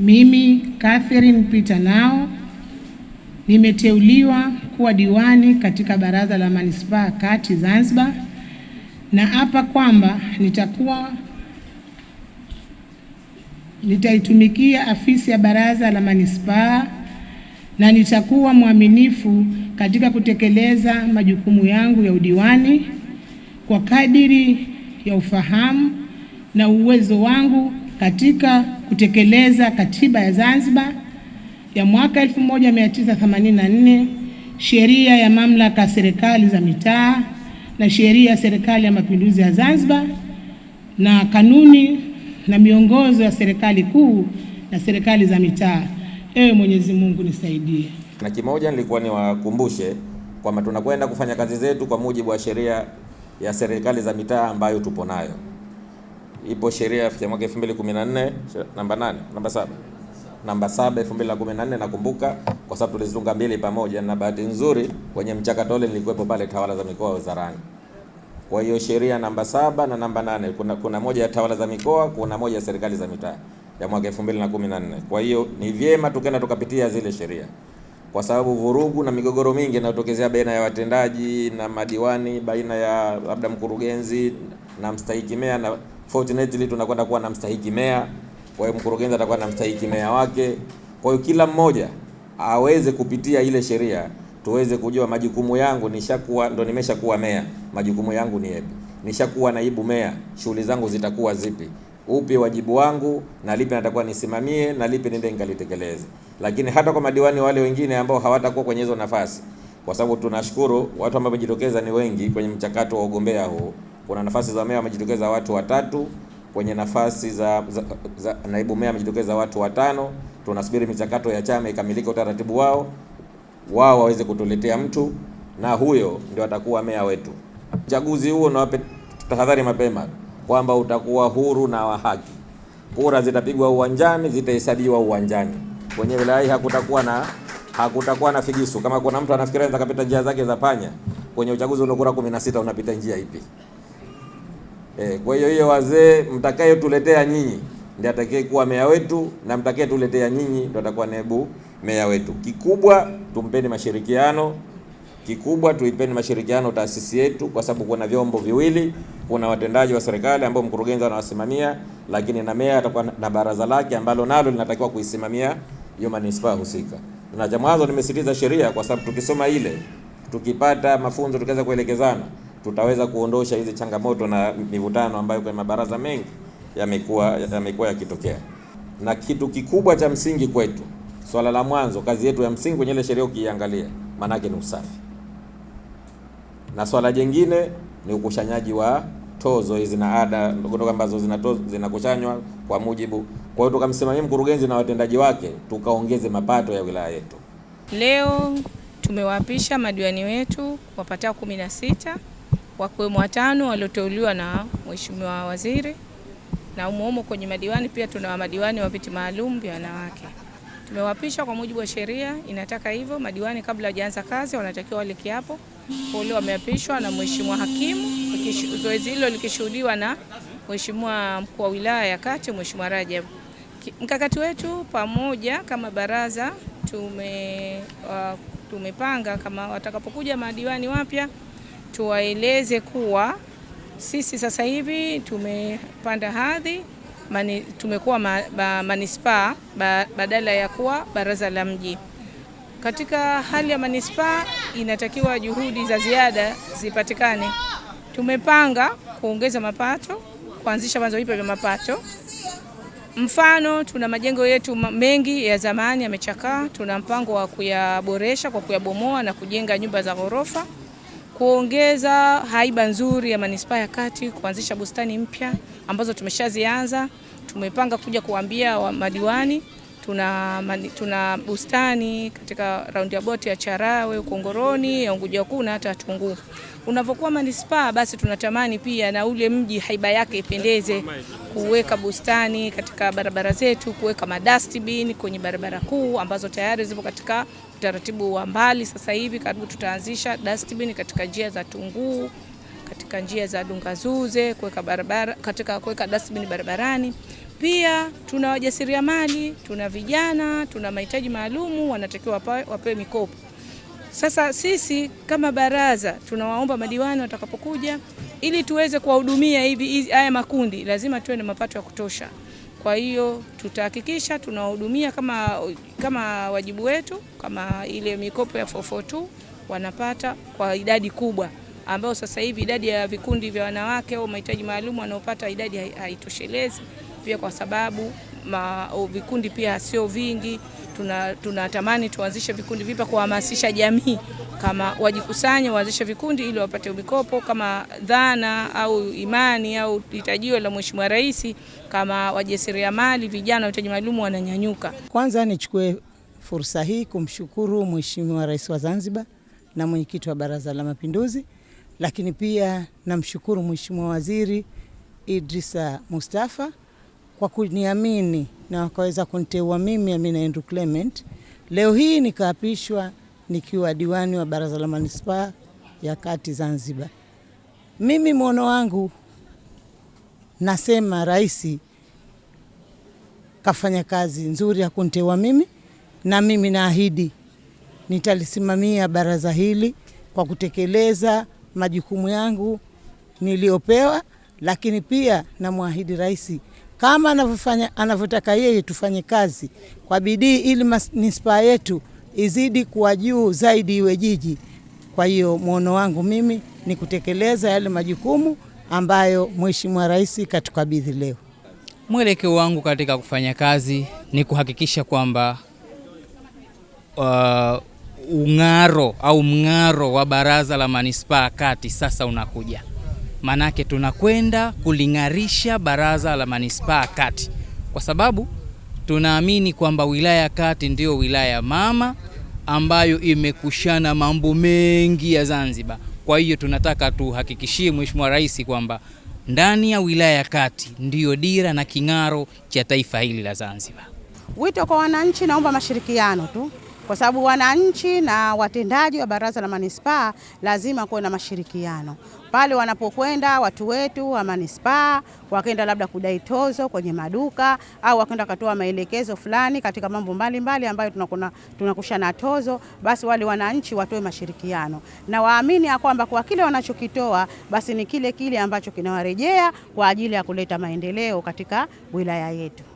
Mimi Catherine Peter Nao nimeteuliwa kuwa diwani katika Baraza la Manispaa Kati Zanzibar, na hapa kwamba nitakuwa nitaitumikia afisi ya Baraza la Manispaa na nitakuwa mwaminifu katika kutekeleza majukumu yangu ya udiwani kwa kadiri ya ufahamu na uwezo wangu katika kutekeleza katiba ya Zanzibar ya mwaka 1984, sheria ya mamlaka ya serikali za mitaa na sheria ya serikali ya mapinduzi ya Zanzibar na kanuni na miongozo ya serikali kuu na serikali za mitaa. Ewe Mwenyezi Mungu nisaidie. Na kimoja nilikuwa niwakumbushe kwamba tunakwenda kufanya kazi zetu kwa mujibu wa sheria ya serikali za mitaa ambayo tupo nayo ipo sheria ya mwaka 2014 namba 8 namba 7 namba 7 2014, nakumbuka kwa sababu tulizitunga mbili pamoja, na bahati nzuri kwenye mchakato ule nilikuwepo pale tawala za mikoa wizarani. Kwa hiyo sheria namba saba na namba nane kuna, kuna moja ya tawala za mikoa, kuna moja ya serikali za mitaa ya mwaka 2014. Kwa hiyo ni vyema tukaenda tukapitia zile sheria kwa sababu vurugu na migogoro mingi inayotokezea baina ya watendaji na madiwani, baina ya labda mkurugenzi na mstahiki meya na Fortunately tunakwenda kuwa na mstahiki meya, kwa hiyo mkurugenzi atakuwa na mstahiki meya wake. Kwa hiyo kila mmoja aweze kupitia ile sheria tuweze kujua majukumu yangu, nishakuwa ndo nimeshakuwa meya, majukumu yangu ni yapi? Nishakuwa naibu meya, shughuli zangu zitakuwa zipi? Upi wajibu wangu, na lipi natakuwa nisimamie, na lipi nende nikalitekeleze. Lakini hata kwa madiwani wale wengine ambao hawatakuwa kwenye hizo nafasi, kwa sababu tunashukuru watu ambao wamejitokeza ni wengi kwenye mchakato wa ugombea huu. Kuna nafasi za meya wamejitokeza watu watatu, kwenye nafasi za, za, za naibu meya wamejitokeza watu watano. Tunasubiri michakato ya chama ikamilike, utaratibu wao wao waweze kutuletea mtu na huyo ndio atakuwa meya wetu. Uchaguzi huo nawape tahadhari mapema kwamba utakuwa huru na wa haki. Kura zitapigwa uwanjani, zitahesabiwa uwanjani. Kwenye wilaya hii hakutakuwa na hakutakuwa na figisu. Kama kuna mtu anafikiria anaweza kupita njia zake za panya, kwenye uchaguzi uliokura 16 unapita njia ipi? E, kwa hiyo hiyo wazee mtakayotuletea nyinyi ndiye kuwa meya wetu na mtakayetuletea nyinyi ndio atakuwa naibu meya wetu. Kikubwa tumpeni mashirikiano, kikubwa tuipeni mashirikiano taasisi yetu, kwa sababu kuna vyombo viwili, kuna watendaji wa serikali ambao mkurugenzi anawasimamia, lakini na meya atakuwa na baraza lake ambalo nalo linatakiwa kuisimamia hiyo manispaa husika. Na cha mwanzo nimesitiza sheria, kwa sababu tukisoma ile, tukipata mafunzo, tukaweza kuelekezana tutaweza kuondosha hizi changamoto na mivutano ambayo kwenye mabaraza mengi yamekuwa yamekuwa yakitokea. Na kitu kikubwa cha msingi kwetu, swala la mwanzo, kazi yetu ya msingi kwenye ile sheria ukiiangalia, maanake ni usafi, na swala jingine ni ukushanyaji wa tozo hizi na ada ndogondogo ambazo zinakushanywa zina kwa mujibu. Kwa hiyo tukamsimamia mkurugenzi na watendaji wake, tukaongeze mapato ya wilaya yetu. Leo tumewapisha madiwani wetu wapatao kumi na sita wakiwemo watano walioteuliwa na Mheshimiwa Waziri, na umuhumu kwenye madiwani pia tuna madiwani wa viti maalum vya wanawake. Tumewapisha kwa mujibu wa sheria, inataka hivyo madiwani kabla hajaanza kazi wanatakiwa wale kiapo. wale wameapishwa na Mheshimiwa Hakimu, zoezi hilo likishuhudiwa na Mheshimiwa Mkuu wa Wilaya ya Kati, Mheshimiwa Rajab. Mkakati wetu pamoja kama baraza tume, uh, tumepanga kama watakapokuja madiwani wapya tuwaeleze kuwa sisi sasa hivi tumepanda hadhi mani, tumekuwa ma, ba, manispaa ba, badala ya kuwa baraza la mji. Katika hali ya manispaa inatakiwa juhudi za ziada zipatikane. Tumepanga kuongeza mapato, kuanzisha vyanzo vipya vya mapato. Mfano, tuna majengo yetu mengi ya zamani yamechakaa, tuna mpango wa kuyaboresha kwa kuyabomoa na kujenga nyumba za ghorofa kuongeza haiba nzuri ya manispaa ya Kati, kuanzisha bustani mpya ambazo tumeshazianza. Tumepanga kuja kuambia madiwani tuna, tuna bustani katika raundi ya boti ya Charawe, Ukongoroni, ya Unguja Kuu na hata Tunguu. Unavyokuwa manispaa, basi tunatamani pia na ule mji haiba yake ipendeze, kuweka bustani katika barabara zetu, kuweka madustbin kwenye barabara kuu ambazo tayari zipo katika utaratibu wa mbali. Sasa hivi karibu tutaanzisha dustbin katika njia za Tunguu, katika njia za Dungazuze, kuweka barabara katika kuweka dustbin barabarani pia tuna wajasiriamali, tuna vijana, tuna mahitaji maalumu, wanatakiwa wapewe mikopo. Sasa sisi kama baraza tunawaomba madiwani watakapokuja, ili tuweze kuwahudumia hivi haya makundi, lazima tuwe na mapato ya kutosha. Kwa hiyo tutahakikisha tunawahudumia kama, kama wajibu wetu, kama ile mikopo ya 442 wanapata kwa idadi kubwa, ambayo sasa hivi idadi ya vikundi vya wanawake au mahitaji maalum wanaopata idadi haitoshelezi pia kwa sababu ma, o, oh, vikundi pia sio vingi. Tunatamani tuna tuanzishe vikundi vipya kuhamasisha jamii, kama wajikusanye waanzishe vikundi ili wapate mikopo, kama dhana au imani au hitajio la Mheshimiwa Rais, kama wajasiriamali vijana wahitaji maalum wananyanyuka. Kwanza nichukue fursa hii kumshukuru Mheshimiwa Rais wa Zanzibar na mwenyekiti wa Baraza la Mapinduzi, lakini pia namshukuru Mheshimiwa Waziri Idrisa Mustafa kwa kuniamini na wakaweza kuniteua mimi Amina Andrew Clement. Leo hii nikaapishwa nikiwa diwani wa Baraza la Manispaa ya Kati Zanzibar. Mimi mwono wangu nasema rais kafanya kazi nzuri ya kuniteua mimi, na mimi naahidi nitalisimamia baraza hili kwa kutekeleza majukumu yangu niliyopewa, lakini pia namwahidi rais kama anavyofanya anavyotaka yeye, tufanye kazi kwa bidii ili manispaa yetu izidi kuwa juu zaidi, iwe jiji. Kwa hiyo mwono wangu mimi ni kutekeleza yale majukumu ambayo Mheshimiwa Rais katukabidhi leo. Mwelekeo wangu katika kufanya kazi ni kuhakikisha kwamba uh, ung'aro au mng'aro wa baraza la manispaa kati sasa unakuja. Manake tunakwenda kuling'arisha baraza la manispaa kati, kwa sababu tunaamini kwamba wilaya kati ndiyo wilaya mama ambayo imekushana mambo mengi ya Zanzibar. Kwa hiyo tunataka tuhakikishie Mheshimiwa Rais kwamba ndani ya wilaya kati ndiyo dira na king'aro cha taifa hili la Zanzibar. Wito kwa wananchi, naomba mashirikiano tu kwa sababu wananchi na watendaji wa baraza la manispaa lazima kuwe na mashirikiano pale wanapokwenda watu wetu wa manispaa, wakaenda labda kudai tozo kwenye maduka au wakaenda wakatoa maelekezo fulani katika mambo mbalimbali ambayo tunakuna, tunakushana tozo, basi wale wananchi watoe mashirikiano na waamini ya kwamba kwa kile wanachokitoa basi ni kile kile ambacho kinawarejea kwa ajili ya kuleta maendeleo katika wilaya yetu.